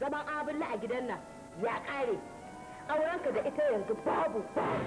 zaman abulla a gidan nan ya ƙare aurenka da ita yanzu babu babu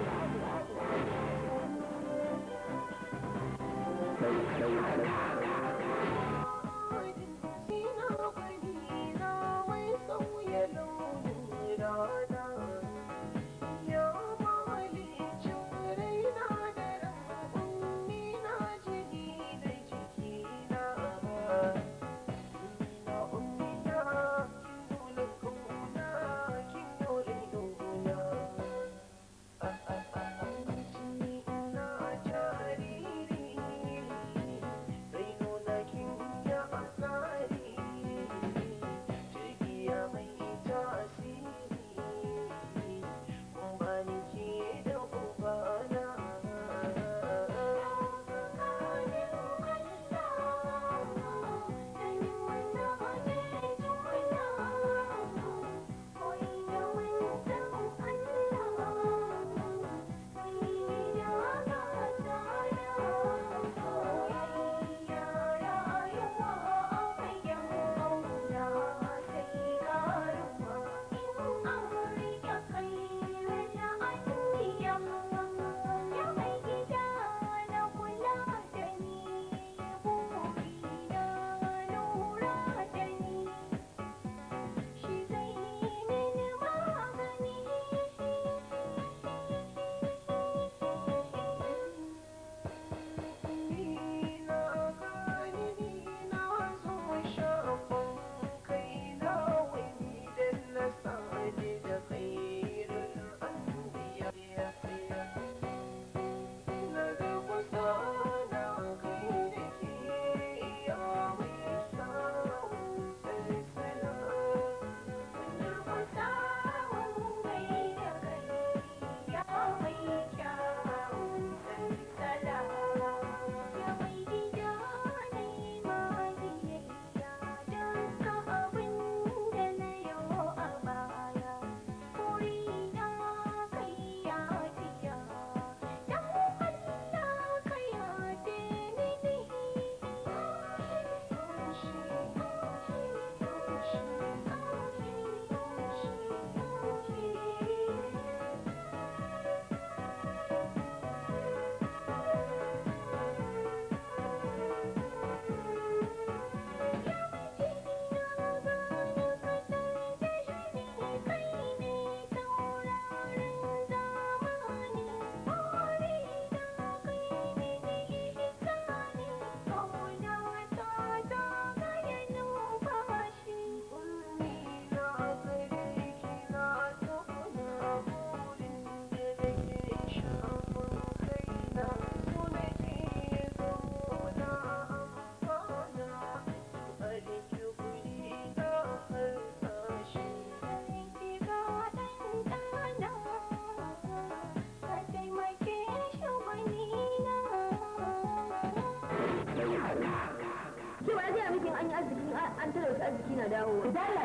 nufin an yi arziki an arziki na dawowa idan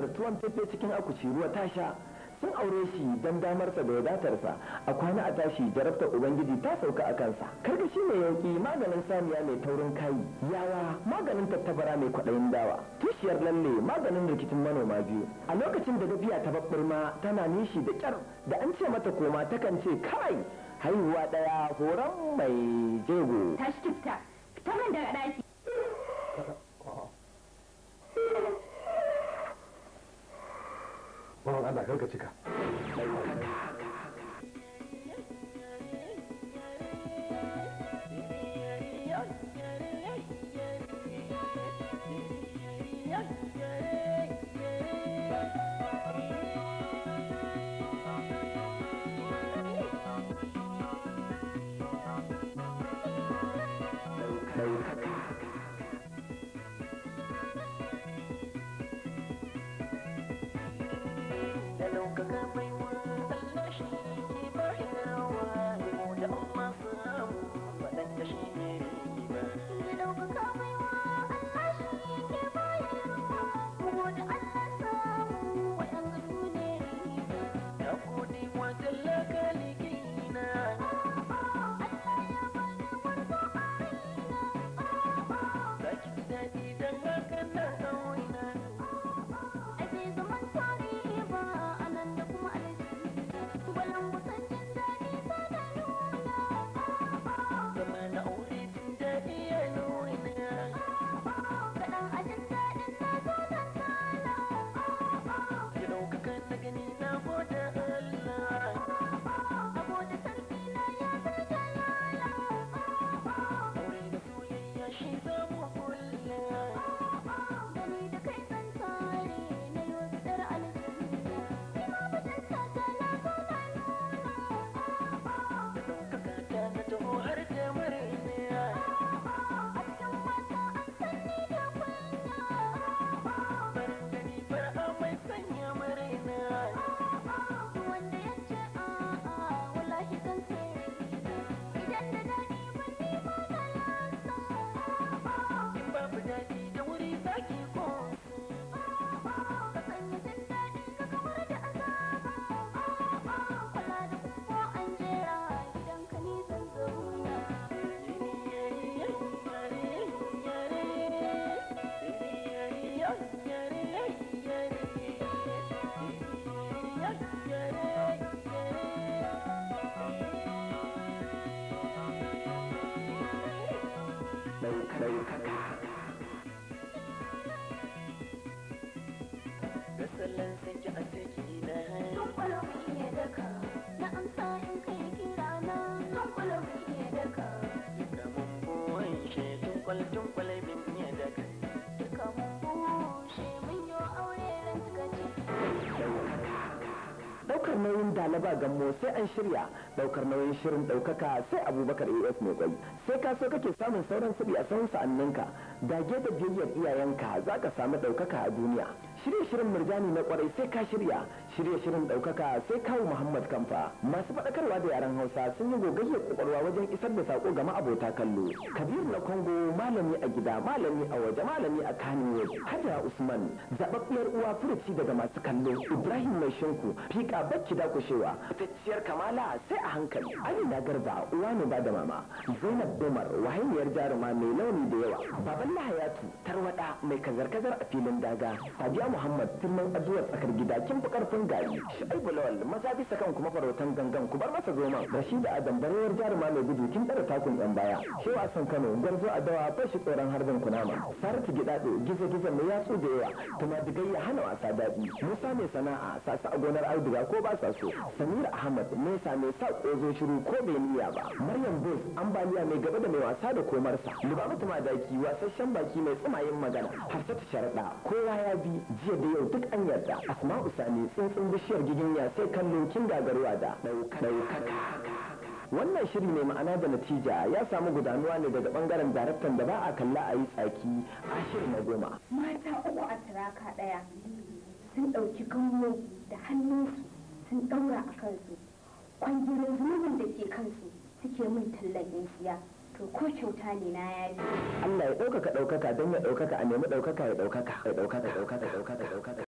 na tuwon fefe cikin akuci ruwa ta sha sun aure shi don damarsa da wadatarsa a kwana a tashi jarabta ubangiji ta sauka a kansa karkashi mai yauki maganin saniya mai taurin kayi yawa maganin tattabara mai kwaɗayin dawa tushiyar lalle maganin rikicin manoma biyu a lokacin da gafiya ta babbar ma tana nishi da kyar da an ce mata koma takan ce kai haihuwa ɗaya horon mai jego tashi kifta fita min daga ɗaki Bawan Allah karka cika. tunkwal min iya daga daukar nauyin dalaba gammo sai an shirya daukar nauyin shirin daukaka sai abubakar as mai kwai sai ka so kake samun sauran sabi a sahun ka dage da biyayyar iyayenka za ka samu daukaka a duniya shirye shirin murjani na kwarai sai ka shirya shirye shirin daukaka sai kawo muhammad kamfa masu faɗakarwa da yaren hausa sun yi gogayyar kwakwalwa wajen isar da sako ga ma'abota kallo kabiru na kongo malami a gida malami a waje malami a kaniyo hajara usman zababbiyar uwa furuci daga masu kallo ibrahim mai shinku fika bakki da kushewa fitacciyar kamala sai a hankali amina garba uwa ne ba da mama zainab domar wahayyar jaruma mai launi da yawa baban lahayatu faɗa mai kazar-kazar a filin daga Sadiya Muhammad Timman azuwar tsakar gida kin fi ƙarfin gari Shaibu Lawal maza bisa kan kuma farautan gangan ku bar masa zoma Rashida Adam barewar jaruma mai gudu kin dara takun yan baya Shehu Hassan Kano garzo a dawa ba shi tsoron harbin kunama Saratu Gidado gizo-gizo mai yatsu da yawa kuma ya hana wasa daɗi Musa mai sana'a sasa a gonar auduga ko ba sa so Samir Ahmad mai same sa ƙozo shiru ko bai niyya ba Maryam Bose ambaliya mai gaba da mai wasa da komarsa Lubabatu Madaki wasasshen baki mai tsumayen magana ta sharaɗa kowa ya bi jiya da yau duk an yarda asma sani tsuntsun bishiyar giginya sai kallon kin gagarwa da ɗaukaka wannan shiri mai ma'ana da natija ya samu gudanuwa ne daga bangaren daraktan da ba a kalla a yi tsaki shiri na goma mata uku a turaka ɗaya sun ɗauki kanwo da hannunsu sun ɗaura a kansu kwangirin zunubin da ke kansu suke min tallan siya to ko kyauta ne na yayi Allah ya ɗaukaka ɗaukaka don ya ɗaukaka a nemi ɗaukaka ya ɗaukaka ya ɗaukaka ɗaukaka ɗaukaka ɗaukaka